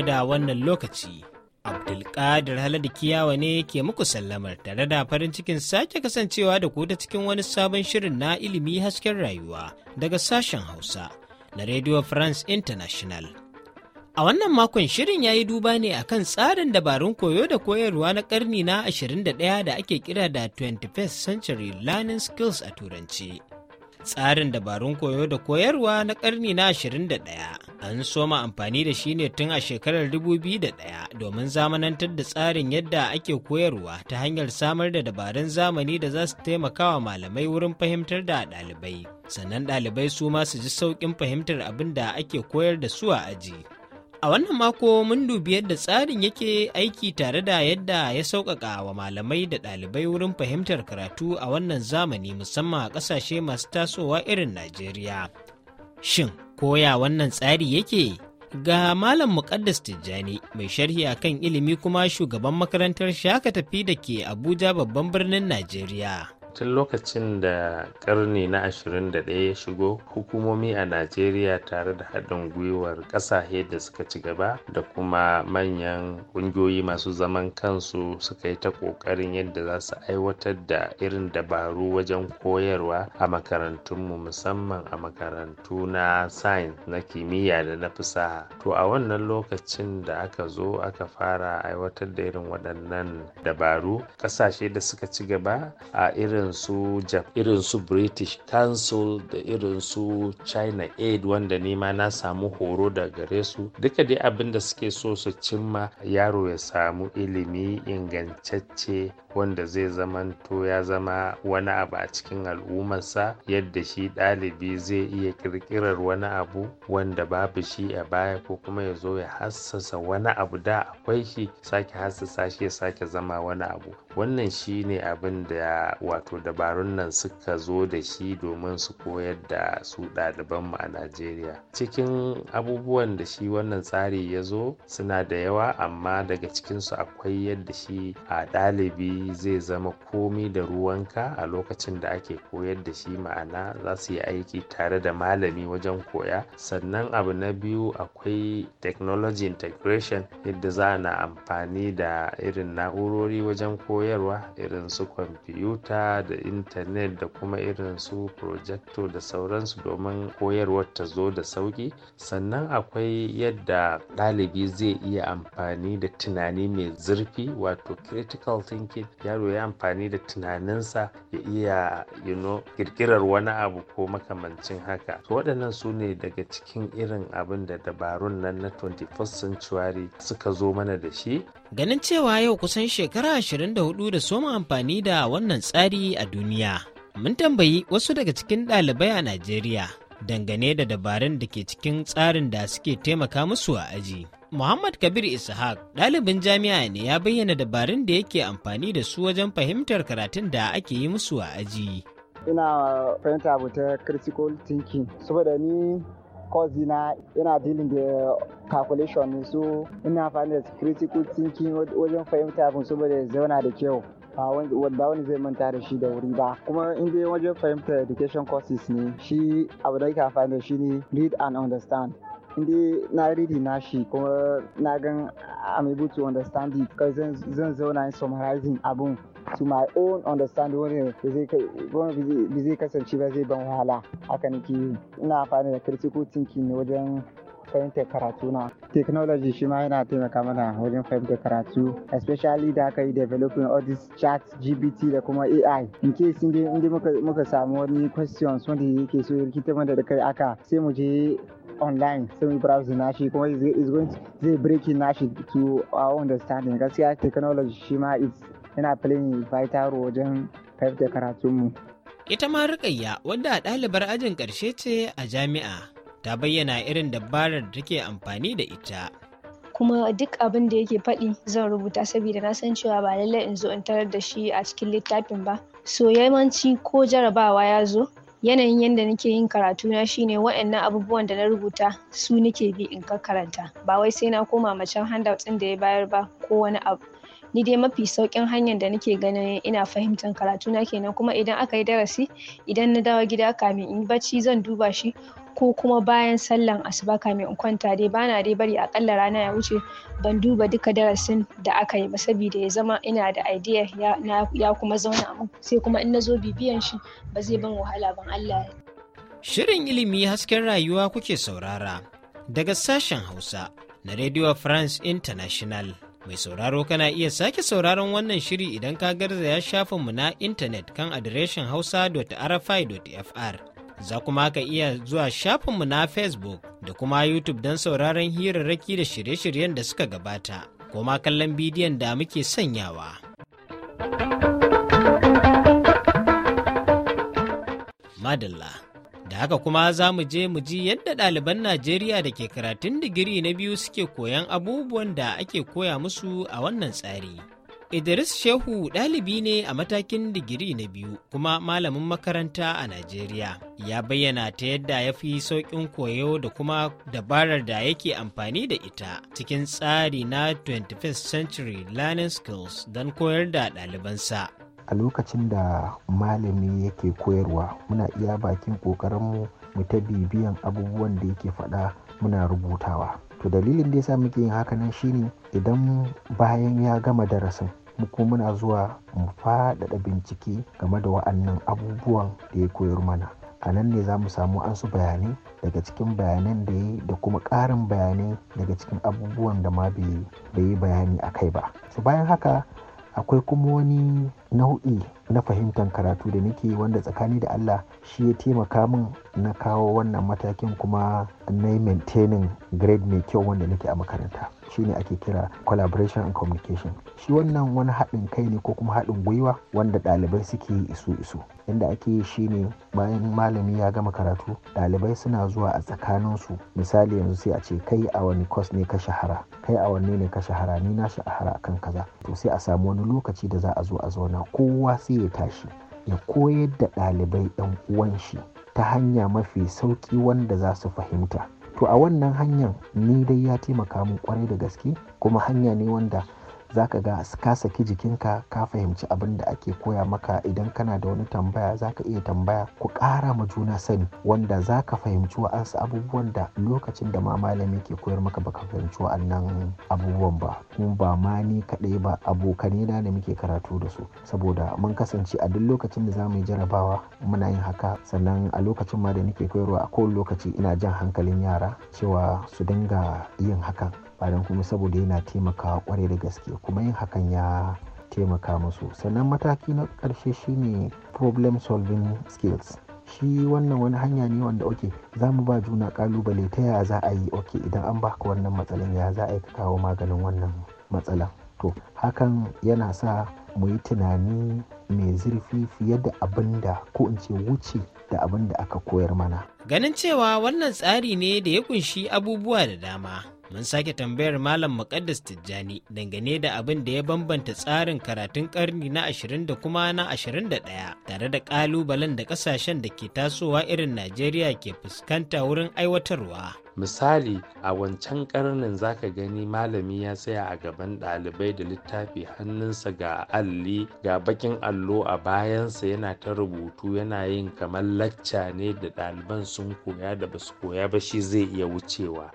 mu da wannan lokaci. Abdulkadir Haladu Kiyawa ne ke muku sallamar tare da farin cikin sake kasancewa da ku ta cikin wani sabon shirin na ilimi hasken rayuwa daga sashen Hausa na Radio France International. A wannan makon shirin ya yi duba ne a kan tsarin dabarun koyo da koyarwa na karni na 21 da ake kira da 21st Century Learning Skills a Turanci. Tsarin dabarun koyo da koyarwa na karni na 21 an soma amfani da shi ne tun a shekarar 2001 domin zamanantar da tsarin yadda ake koyarwa ta hanyar samar da dabarun zamani da za su taimaka wa malamai wurin fahimtar da ɗalibai sannan ɗalibai su ma su ji sauƙin fahimtar abin da ake koyar da su a aji a wannan mako mun dubi yadda tsarin yake aiki tare da yadda ya sauƙaƙa wa malamai da ɗalibai wurin fahimtar karatu a wannan zamani musamman a ƙasashe masu tasowa irin najeriya Shin koya wannan tsari yake? Ga Malam Muƙaddas Tijjani mai sharhi a kan ilimi kuma shugaban makarantar shakatafi da ke Abuja babban birnin Najeriya. tun lokacin da ƙarni na 21 ya shigo hukumomi a najeriya tare da haɗin gwiwar ƙasashe da suka ci gaba da kuma manyan ƙungiyoyi masu zaman kansu suka yi ta ƙoƙarin yadda za su aiwatar da irin dabaru wajen koyarwa a makarantunmu musamman a makarantu na sain na kimiyya da na fasaha to a wannan lokacin da aka zo aka fara aiwatar da irin waɗannan dabaru ƙasashe da suka ci gaba a irin irin su irin su british council da irin su china aid wanda nima na samu horo da gare su duka dai abin da suke so su cimma yaro ya samu ilimi ingantacce wanda zai zamanto ya zama wani abu a cikin al'ummarsa yadda shi ɗalibi zai iya ƙirƙirar wani abu wanda babu shi a baya ko kuma ya zo ya hassasa wani abu da akwai shi sake hassasa shi ya sake zama wani abu wannan shi ne abin da wato wato dabarun nan suka zo da shi domin su koyar da su ɗalibanmu a najeriya cikin abubuwan da shi wannan tsari ya zo suna da yawa amma daga cikinsu akwai yadda shi a ɗalibi zai zama komi da ruwanka a lokacin da ake koyar da shi ma'ana za su yi aiki tare da malami wajen koya sannan abu na biyu akwai technology integration yadda za na amfani da irin na'urori wajen koyarwa irin su kwamfuta A da intanet da kuma irin su projector da sauransu domin koyarwar ta zo da sauki sannan akwai yadda ɗalibi zai iya amfani da tunani mai zurfi wato critical thinking yaro ya amfani da tunaninsa ya iya you know, kirkirar wani abu ko makamancin haka to waɗannan su ne daga cikin irin abin da dabarun nan na 21st century suka zo mana da shi ganin cewa yau kusan shekara 24 da soma amfani da wannan tsari a duniya mun tambayi wasu daga cikin ɗalibai a najeriya dangane da dabarun da ke cikin tsarin da suke taimaka musu a aji muhammad kabir ishaq ɗalibin jami'a ne ya bayyana dabarun da yake amfani da su wajen fahimtar karatun da ake yi musu a aji ina fahimta abu ta critical thinking saboda ni course na yana dealing da calculation so ina amfani da critical thinking wajen fahimta abin saboda zauna da kyau ba wani zai manta da shi da wuri ba kuma in dai wajen fahimta education courses ne shi abu da ka amfani da shi ne read and understand inda na ridi na shi kuma na gan I'm able to understand it zan zauna in summarizing abun to my own understanding wani ba zai kasance ba zai ban wahala haka nake ina amfani da critical thinking ne wajen fahimtar karatu na. Technology shi ma yana taimaka mana wajen fahimtar karatu, especially da aka yi developing all these chat GBT da kuma AI. In case inda inda muka samu wani questions wanda yake so ya rikita mana da kai aka sai mu je online sai mu browse nashi kuma is going to zai breaking nashi to our understanding. Gaskiya technology shi ma is yana filin vital role wajen fahimtar karatunmu. Ita ma Rukayya wadda ɗalibar ajin ƙarshe ce a jami'a ta bayyana irin dabarar da take amfani da ita. kuma duk abin da yake faɗi zan rubuta saboda na san cewa ba lallai in zo in tarar da shi a cikin littafin ba so yawanci ko jarabawa ya zo yanayin yadda nake yin karatu na shine waɗannan abubuwan da na rubuta su nake bi in karanta ba wai sai na koma macen handout ɗin da ya bayar ba ko wani abu ni dai mafi saukin hanyar da nake ganin ina fahimtar karatu na kenan kuma idan aka yi darasi idan na dawo gida kamin in bacci zan duba shi ko kuma bayan sallan asuba kamin in kwanta dai bana dai bari akalla rana ya wuce ban duba duka darasin da aka yi ba saboda ya zama ina da idea ya, kuma zauna mun sai kuma in na zo bibiyan shi ba zai ban wahala ban Allah ya Shirin ilimi hasken rayuwa kuke saurara daga sashen Hausa na Radio France International. Mai sauraro kana iya sake sauraron wannan shiri idan ka garza garzaya shafinmu na intanet kan adireshin hausa.rfi.fr. Za kuma ka iya zuwa shafinmu na Facebook da kuma YouTube don sauraron hirarraki da shirye-shiryen da suka gabata, kuma kallon bidiyon da muke sanyawa. Madalla. Da haka kuma za mu je mu ji yadda ɗaliban Najeriya da ke karatun digiri na biyu suke koyan abubuwan da ake koya musu a wannan tsari. Idris Shehu ɗalibi ne a matakin digiri na biyu kuma malamin makaranta a Najeriya. Ya bayyana ta yadda ya fi sauƙin koyo da kuma dabarar da yake amfani da ita cikin tsari na 21st Century Learning Skills don koyar da ɗalibansa. A lokacin da malami yake koyarwa, muna iya bakin ƙoƙarinmu mu mu ta bibiyan abubuwan da yake faɗa muna rubutawa. To dalilin da yasa muke yin haka nan shine idan bayan ya gama darasin, mu kuma muna zuwa mu faɗaɗa bincike game da wa'annan abubuwan da ya koyar mana. A nan ne za mu samu an su bayanai daga cikin bayanan da yayi da kuma ƙarin bayanai daga cikin abubuwan da ma bai, yi bayani a kai ba. su bayan haka Akwai kuma wani nau'i na fahimtar karatu da nake yi wanda tsakani da Allah shi ya taimaka min na kawo wannan matakin kuma na yi maintaining grade mai kyau wanda nake a makaranta. shine ake kira collaboration and communication shi wannan wani haɗin kai ne ko kuma haɗin gwiwa wanda ɗalibai suke isu isu inda ake yi shi ne bayan malami ya gama karatu ɗalibai suna zuwa a tsakaninsu misali yanzu sai a ce kai a wani kwas ne ka shahara kai a wanne ne ka shahara ni na shahara akan kaza to sai a samu wani lokaci da za a zo a zauna kowa sai ya tashi ya koyar da ɗalibai ɗan uwan shi ta hanya mafi sauki wanda za su fahimta to a wannan hanyar ni dai ya taimaka min kwarai da gaske kuma hanya ne wanda za ka ga ka saki jikinka ka fahimci abin da ake koya maka idan kana da wani tambaya za ka iya tambaya ku ƙara ma juna sani wanda za ka fahimci wa'ansu abubuwan da lokacin da ma malami ke koyar maka baka fahimci wa'annan abubuwan ba kuma ba ma ni kaɗai ba abokanai na da muke karatu da su saboda mun kasance a duk lokacin da za mu yi jarabawa muna yin haka sannan a lokacin ma da nake koyarwa a kowane lokaci ina jan hankalin yara cewa su dinga yin hakan ba kuma saboda yana taimakawa kwarai da gaske kuma yin hakan ya taimaka musu sannan mataki na ƙarshe shine problem solving skills shi wannan wani hanya ne wanda oke za mu ba juna kalubale ta ya za a yi oke idan an baka wannan matsalan ya za a yi kawo maganin wannan matsalan to hakan yana sa mu yi tunani mai zurfi fiye da abin da ko in ce wuce da abin da aka koyar mana ganin cewa wannan tsari ne da ya kunshi abubuwa da dama mun sake tambayar malam muƙaddas tijjani dangane da abin da ya bambanta tsarin karatun ƙarni na ashirin da kuma na ɗaya, tare da ƙalubalen da ƙasashen da ke tasowa irin najeriya ke fuskanta wurin aiwatarwa misali a wancan karnin zaka gani malami ya tsaya a gaban ɗalibai da littafi hannunsa ga alli ga bakin allo a bayansa yana ta rubutu yana yin kamar lacca ne da ɗaliban sun koya da basu koya ba shi zai iya wucewa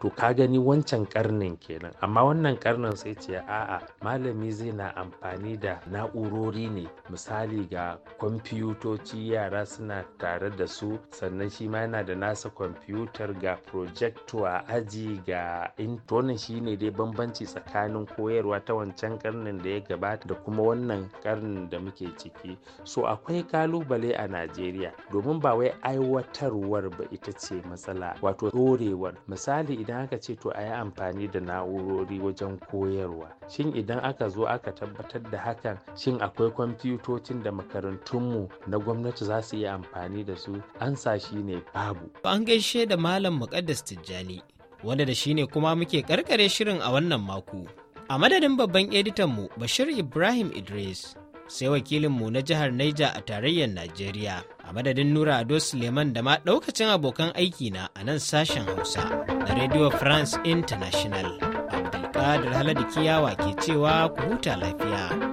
to ka gani wancan karnin kenan amma wannan karnin sai ce a'a malami zai na amfani da na'urori ne misali ga kwamfiyutoci yara suna tare da su sannan shi ma yana da nasa kwamfiyutar ga pro projecto a aji ga intonin shi shine dai bambanci tsakanin koyarwa ta wancan karnin da ya gabata da kuma wannan karnin da muke ciki so akwai kalubale a najeriya domin ba wai aiwatarwar ba ita ce matsala wato dorewar misali idan aka ce to a yi amfani da na'urori wajen koyarwa shin idan aka zo aka tabbatar da hakan shin akwai kwamfutocin da makarantunmu na gwamnati za su yi amfani da su an sa shi ne babu an gaishe da malam muƙaddam Idris Tijjani, wanda da shi ne kuma muke karkare shirin a wannan mako. A madadin babban editanmu Bashir Ibrahim Idris, sai wakilinmu na jihar Naija a tarayyar Najeriya, a madadin Nura Ado Suleiman da ma ɗaukacin abokan aiki na a nan sashen Hausa na Radio France International. Abdulkadir Haladu Kiyawa ke cewa ku huta lafiya.